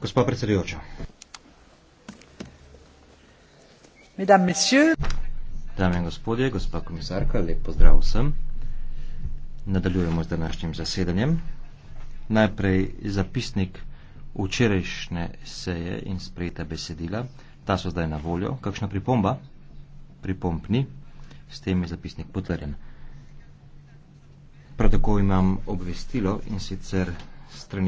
gospa predsedujoča dame in gospodje gospa komisarka lep pozdrav vsem nadaljujemo z današnjim zasedanjem najprej zapisnik včerajšnje seje in sprejeta besedila ta so zdaj na voljo kakšna pripomba pripomb ni s tem je zapisnik potrjen prav tako imam obvestilo in sicer strani